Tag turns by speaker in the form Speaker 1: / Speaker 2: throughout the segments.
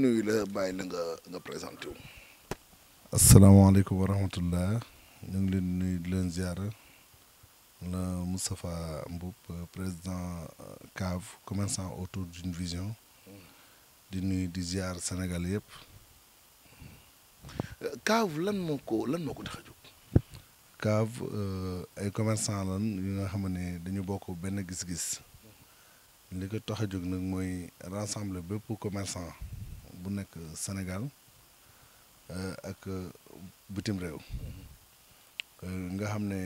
Speaker 1: nuyu la bàyyi la nga nga présenté wu.
Speaker 2: asalaamaaleykum wa rahmatullah ñu ngi leen nuyu di leen ziar la Moustapha Mboup président euh, CAV commerçant autour d'une vision di nuyu di ziar Sénégal yëpp.
Speaker 1: Euh, CAV lan moo ko lan moo ko tax jóg.
Speaker 2: CAV euh, ay commerçant lan yu nga xam ne dañu bokk benn gis-gis. li ko tax jóg nag mooy rassembler bépp commerçant. bu nekk Sénégal euh, ak euh, bitim réew euh, nga xam ne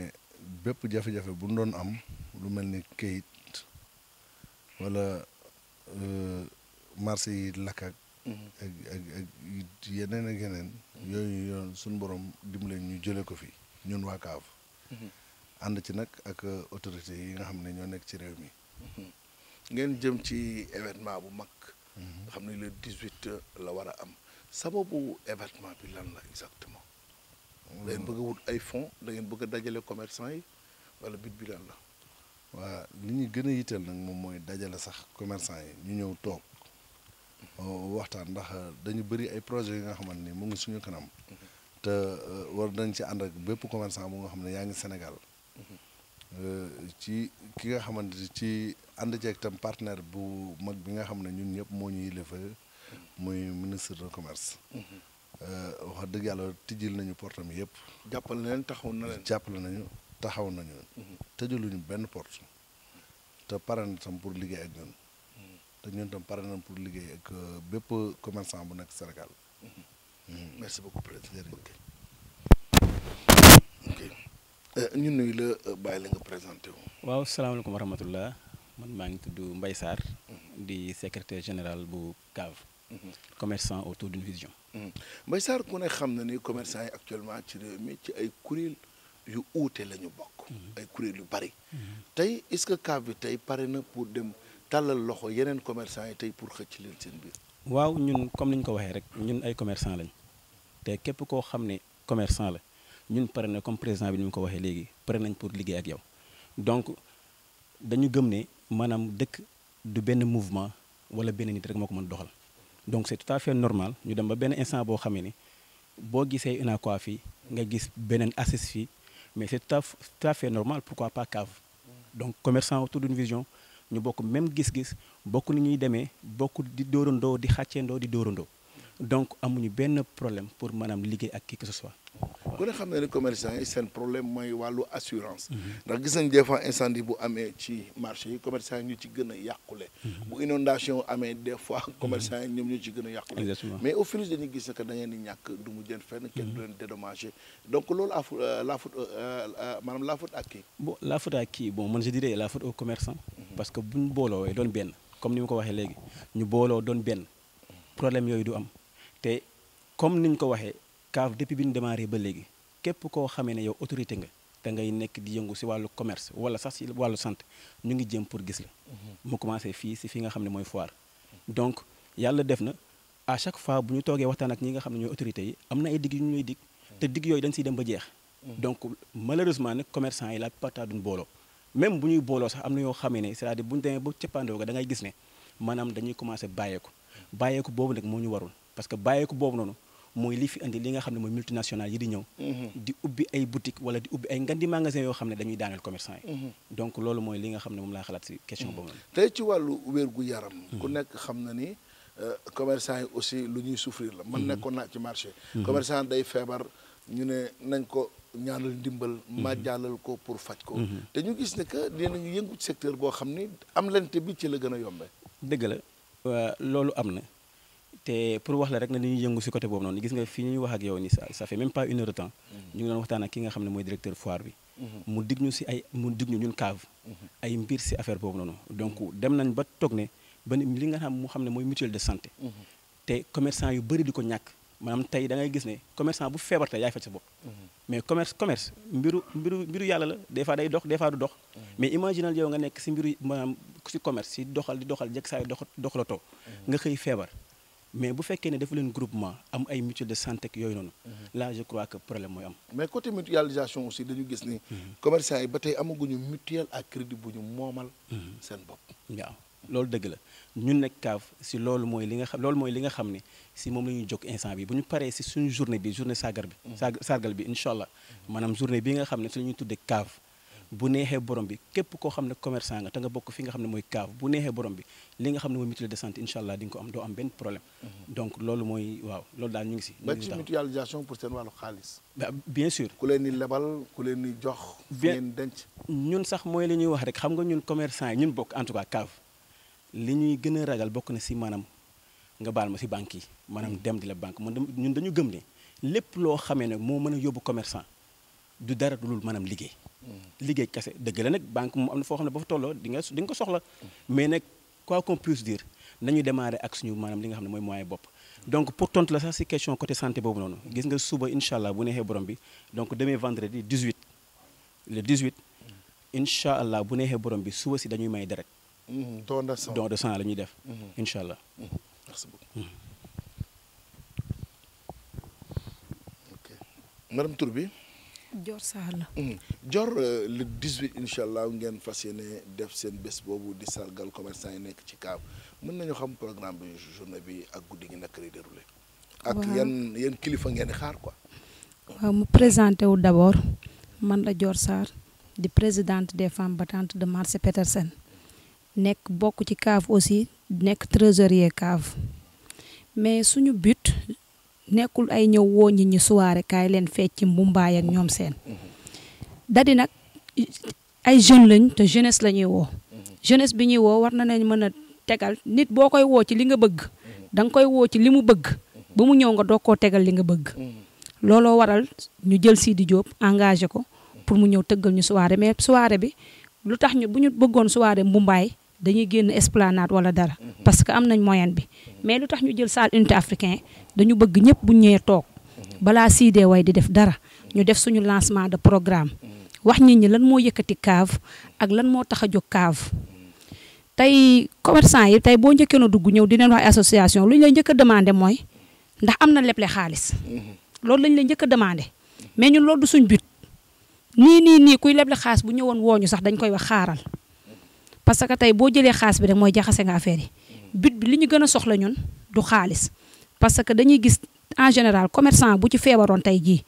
Speaker 2: bépp jafe-jafe bu doon am lu mel ni kayit wala marché yi lakk ak yeneen ak yeneen yooyu yoon suñu borom dimbale ñu jële ko fi ñun waa ànd ci nag ak autorité yi nga
Speaker 1: xam ne ñoo nekk ci réew mi ngeen jëm ci événement bu mag nga mm-hmm. xam ne le 18 la war a am sababu événement bi lan la exactement. Mm-hmm. da ngeen bëgg wut ay fonds da ngeen bëgg a dajale commerçant yi wala bit bi lan la.
Speaker 2: waa li ñu gën a yitteel nag moom mooy dajale sax commerçant yi ñu ñëw toog mm-hmm. waxtaan ndax euh, dañu bëri ay projets yi nga xamante ni mu ngi suñu kanam. te euh, war nañ ci ànd ak bépp commerçant bu nga xam ne yaa ngi Sénégal. Euh, ci ki nga xamante ci ànd ceeg tam partenaire bu mag bi nga xam ne ñun ñëpp moo ñuy lëfa muy ministre de commerce. Euh, wax dëgg yàlla tijjil nañu portam yëpp. jàppale leen taxaw na leen jàppale nañu taxaw nañu. Mhm. tëjaluñu benn porte. te pare tam pour liggéey ak ñun. Mhm. te ñun tam pare na pour liggéey ak euh, bépp commerçant bu nekk Sénégal. Mhm. merci beaucoup président.
Speaker 3: Euh, ñu nuyu la euh, bàyyi la nga présenté waaw salaamaaleykum wa rahmatullah man maa ngi tudd Mbaye Sarr. Mhm. di secretaire général bu CAV. Mhm. commerçant autour d'une vision. Mhm.
Speaker 1: Mbaye Sarr ku ne xam na ni commerçant yi actuellement ci ci ay kuréel yu uute lañu bokk. ay kuréel yu bari. tey est-ce que CAV bi tey pare na pour dem tàllal loxo yeneen commerçant yi tey pour xëcc leen seen biir.
Speaker 3: waaw ñun comme ni ñu ko waxee rek ñun ay commerçant lañ te képp koo xam ni commerçant la. ñun pare na comme président bi ni mu ko waxee léegi pare nañ pour liggéey ak yow donc dañu gëm ne maanaam dëkk du benn mouvement wala benn nit rek moo ko mën doxal donc c'est tout à fait normal ñu dem ba benn instant boo xamee ni boo gisee UNACOIS fii nga gis beneen ACIS fii mais c'est tout à fait normal pourquoi pas CAV donc commerçant autour d'une vision ñu bokk même gis-gis bokk ni ñuy demee bokk di dóorandoo di xàcceendoo di dóorandoo donc amuñu benn problème pour maanaam liggéey ak qui que ce
Speaker 1: ku ne xam na ne commerçant yi seen problème mooy wàllu assurance ndax gis nañ des fois bu amee ci marché yi commerçant yi ñu ci gën a yàqule bu inondation amee des fois commerçant yi ñoom ñu ci gën a yàqule mais au fil dañuy gis ne que da ngeen di ñàkk du mu jën fenn loolu à la faute euh, euh, euh, la faute à qui
Speaker 3: bon la faute à qui bon man je la faute au mhm. parce que buñ booloowee doon benn comme ni mu ko waxee léegi ñu booloo doon benn problème yooyu du am te comme ni ñu ko waxee CAF depuis bi ñu démarré ba léegi képp koo xamee ne yow autorité nga te nekk di yëngu si wàllu commerce wala sax si wàllu santé ñu ngi jéem pour gis la. Mhm. mu commencé fii si fi nga xam ne mooy foire. donc yàlla def na à chaque fois bu ñu toogee waxtaan ak ñi nga xam ne ñooy autorités yi am na ay digg yu ñu lay dig. te digg yooyu dañ siy dem ba jeex. Mhm. donc malheureusement nag commerçant yi la plupart booloo. même bu ñuy booloo sax am na yoo xamee ne c'est-à-dire bu ñu demee ba mhm. moo ñu warul parce que mooy li fi indi li nga xam ne mooy multinationale yi di ñëw mm-hmm. di ubbi ay boutique wala di ubbi ay ngandi magasin yoo xam ne dañuy daaneel commerçant yi mm-hmm. donc loolu mooy li nga xam ne moom laa xalaat si question mm-hmm. boobu
Speaker 1: tey wàllu wér-gu-yaram ku nekk xam na ni euh, commerçant yi aussi lu ñuy souffrir la man nekkoon naa ci marché commerçant day feebar ñu ne nañ ko ñaanal ndimbal ma jàllal ko pour faj ko te ñu gis ne que dinañu yëngu secteur boo xam ni am lente bi ci la gën a yombe
Speaker 3: dëgg euh, loolu am na te pour wax la rek na li ñuy yëngu si côté boobu noonu gis nga fi ñuy wax ak yow ni ça fait même pas une heure de temps mm-hmm. doon waxtaan ak ki nga xam ne mooy directeur foire bi mm-hmm. mu dig ñu si ay mu dig ñu ñun cave mm-hmm. ay mbir si affaire boobu noonu donc dem nañ ba toog ne ba li nga xam ne mooy mutuelle de santé te commerçant yu bëri di ko ñàkk maanaam tey da gis ne commerçant bu feebar tey yaay faj sa bopp mais commerce commerce mbiru mbiru mbiru yàlla la des fois day dox mais bu fekkee ne dafa leen groupement am ay mutuelle de santé ak yooyu noonu. Mhm. là je crois que problème mooy am.
Speaker 1: mais côté mutualisation aussi dañu gis ni. Mhm.
Speaker 3: commerçant yi ba tey amaguñu mutuelle ak crédit bu ñu
Speaker 1: moomal. Mhm. seen bopp.
Speaker 3: waaw loolu dëgg la ñun nag CAF si loolu mooy li nga xam loolu mooy li nga xam ni si moom la ñuy jóg instant bi bu ñu paree si suñu journée bi journée sargal bi. sargal bi incha allah maanaam journée bi nga xam ne si la ñuy tuddee CAF. bu neexee borom bi képp koo xam ne commerçant nga te nga bokk fi nga xam ne mooy cave bu neexee borom bi li nga xam ne mooy mutuelle de santé incha allah ko am doo am benn problème. Mhm. donc loolu mooy waaw loolu daal ñu ngi si. ñu ngi ci
Speaker 1: mutualisation pour seen wàllu xaalis. bien sûr. ku ku leen jox. bien ngeen
Speaker 3: denc. ñun sax mooy li ñuy wax rek xam nga ñun commercant yi ñun bokk en tout cas cave li ñuy gën a ragal bokk na si maanaam nga baal ma si banque yi maanaam mhm. dem di la banque man ñun dañu gëm ne lépp loo xame ne moo mën a yóbbu commerçant du dara dulul maanaam liggéey. Hmm. liggéey kese dëgg la nag banque moom am na foo xam ne ba fa tolloo di nga di nga ko soxla. Hmm. mais nag quoi qu'on puisse dire nañu démarrer ak suñu maanaam li nga xam ne mooy moyen bopp. donc pour tontu la sax si question côté santé boobu noonu. Hmm. gis nga suba incha allah bu neexee borom bi donc demain vendredi 18 le 18. incha allah bu neexee borom bi suba si dañuy may deret. don de sang don de sang la ñuy def. incha allah.
Speaker 4: Dior Sall.
Speaker 1: Hmm. Dior euh, le 18 incha allah ngeen fas yéene def seen bés boobu di sargal commerçant yi nekk ci Kaaf mën nañu xam programme bi journée bi ak guddi gi naka lay déroulé. ak yan kilifa ngeen di xaar ko
Speaker 4: waaw mu présenté wu d' abord man la Dior Sarr di présidente des femmes batante de marché Petersen nekk bokk ci Kaaf aussi nekk trésorier Kaaf mais suñu but. nekkul ay ñëw woo ñi ñu soirée kaay leen fecc mbumbaay ak ñoom seen dadi nag ay jeune lañ te jeunesse la ñuy woo jeunesse bi ñuy woo war na nañ mën a tegal nit boo koy woo ci li nga bëgg danga koy woo ci li mu bëgg ba mu ñëw nga doog ko tegal li nga bëgg looloo waral ñu jël sii di Diop engagé ko pour mu ñëw tëggal ñu soirée mais soirée bi lu tax ñu bu ñu bëggoon soirée mbumbaay dañuy génn esplanade wala dara parce que am nañ moyen bi mais lu tax ñu jël salle unité africain dañu bëgg ñëpp bu ñëwee toog balaa siidee way di def dara ñu def suñu lancement de programme wax nit ñi lan moo yëkkati cave ak lan moo tax a jóg cave tey commerçant yi tey boo njëkkee na dugg ñëw di wax association lu ñu lay njëkk a demandé mooy ndax am na leble xaalis loolu lañ lay njëkk a demandé mais ñun loolu du suñ but nii nii nii kuy leble xaalis bu ñëwoon wooñu sax dañ koy wax parce que tey boo jëlee xaalis bi rek mooy jaxase nga affaire yi mm. but bi li ñu gën a soxla ñun du xaalis parce que dañuy gis en général commerçant bu ci feebaroon tey jii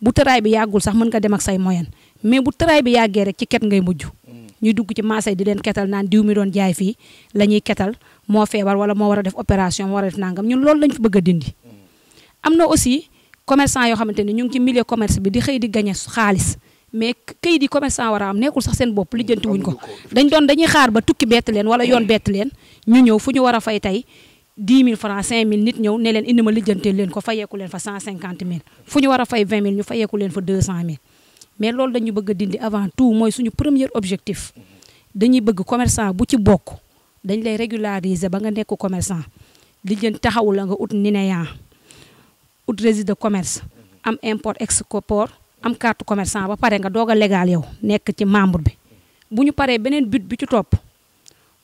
Speaker 4: bu tëraay bi yàggul sax mën nga dem ak say moyen mais bu tëraay bi yàggee rek ci ket ngay mujj mm. ñuy dugg ci marché di leen ketal naan diw mi doon jaay fii la ñuy ketal moo feebar wala moo war a def opération moo war a def nangam ñun loolu lañ fi bëgg a dindi mm. am na aussi commerçant yoo xamante ne ñu ngi ci milieu commerce bi di xëy di gañe xaalis mais këyit yi commerçant war am nekkul sax seen bopp mm, lijjanti ko dañ doon dañuy xaar ba tukki bett leen wala yoon mm. bett leen ñu ñëw fu ñu war fay tey 10 000 francs 5 000 nit ñëw ne leen indi ma lijjanteel leen ko fayeeku leen fa 150 000 fu ñu war a fay 20 000 ñu fayeeku leen fa 200 000 mais loolu dañu bëgg a dindi avant tout mooy suñu premier objectif dañuy bëgg commerçant bu ci bokk dañ lay régulariser ba nga nekk commerçant lijjanti taxawu la nga ut NINEA ut registre de commerce am import export am carte commerçant ba pare nga doog a légal yow nekk ci membre bi bu ñu paree beneen but bi ci topp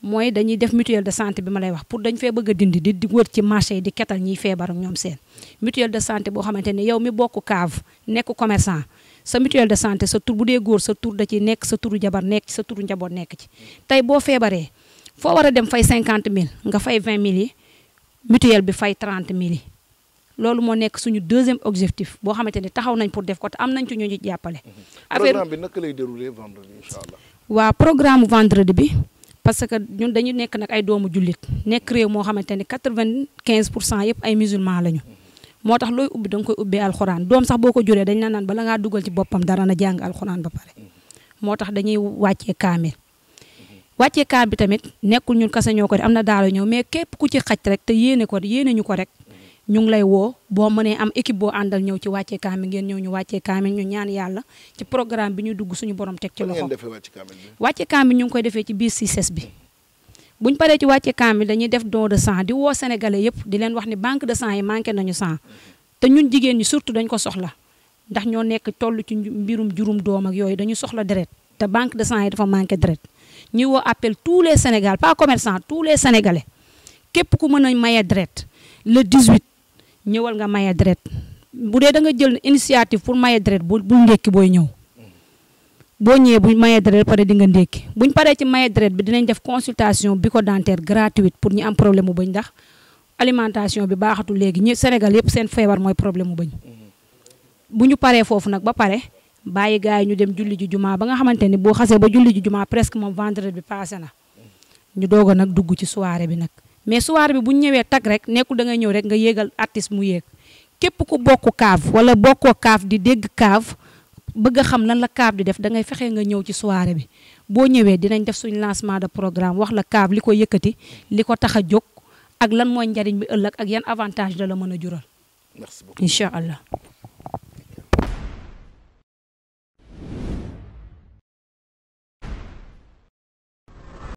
Speaker 4: mooy dañuy def mutuel de santé bi ma lay wax pour dañ fee bëgg a dindi di wër ci marché yi di ketal ñiy feebar ak ñoom seen mutuel de santé boo xamante ne yow mi bokk cave nekk commerçant sa mutuel de santé sa tour bu dee sa tour da ci nekk sa tour jabar nekk ci sa tour njaboot nekk ci tey boo feebaree foo war a dem fay cinquante mille nga fay vingt mille yi bi fay trente mille yi loolu moo nekk suñu deuxième objectif boo xamante ne taxaw nañ pour def ko te am nañ ci ñooñu jàppale. Mm-hmm. affaire
Speaker 1: bi naka lay déroulé vendredi incha allah.
Speaker 4: waa programme vendredi bi parce que ñun dañu nekk nag ay doomu jullit nekk réew moo xamante ne quatre-vingt-quinze pour cent yëpp ay musulman lañu. Mm-hmm. moo tax looy ubbi da nga koy ubbee alxuraan doom sax boo ko juree dañ la naan bala ngaa dugal ci boppam dara na jàng alxuraan ba pare. Mm-hmm. moo tax dañuy wàccee kaamil wàccee kaam bi tamit nekkul ñun kase ñoo ko am na daal ñëw mais képp ku ci xaj rek te yéene ko yéene ñu ko rek ñu ngi lay woo boo mënee am équipe boo àndal ñëw ci wàccee kaamil ngeen ñëw ñu wàccee kaamil ñu ñaan yàlla ci programme bi ñu dugg suñu borom teg ci loxo wàccee kaamil ñu ngi koy defee ci biir CICES bi ñu paree ci wàccee kaamil dañuy def don de sang di woo sénégalais yëpp di leen wax ni banque de sang yi manqué nañu sang te ñun jigéen ñi surtout dañ ko soxla ndax ñoo nekk toll ci mbirum jurum doom ak yooyu dañu soxla deret te banque de sang yi dafa m deret ñuy woo appel tous les les sénégalais képp ku mën a maye deret le ñëwal nga maye deret bu dee da nga jël initiative pour maye deret bu bul ndékki booy ñëw boo ñëwee bu maye deret pare di nga ndékki buñ paree ci maye deret bi dinañ def consultation bucco-dentaire gratuit pour ñu am problème mu bëñ ndax alimentation bi baaxatul léegi ñi Sénégal yëpp seen feebar mooy problème mu bëñ bu ñu paree foofu nag ba pare bàyyi gars yi ñu dem julli ji jumaa ba nga xamante ni boo xasee ba julli ji jumaa presque moom vendredi bi passé na ñu doog nag dugg ci soirée bi nag mais soirée bi bu ñu ñëwee tag rek nekkul da ngay ñëw rek nga yéegal artiste mu yéeg képp ku bokk kaaf wala bokkoo kaaf di dégg kaaf bëgg xam lan la kaaf di def da ngay fexe nga ñëw ci soirée bi boo ñëwee dinañ def suñ lancement de programme wax la kaaf li ko yëkkati li ko tax a jóg ak lan mooy njariñ bi ëllëg ak yan avantage la la mën a jural. merci beaucoup allah.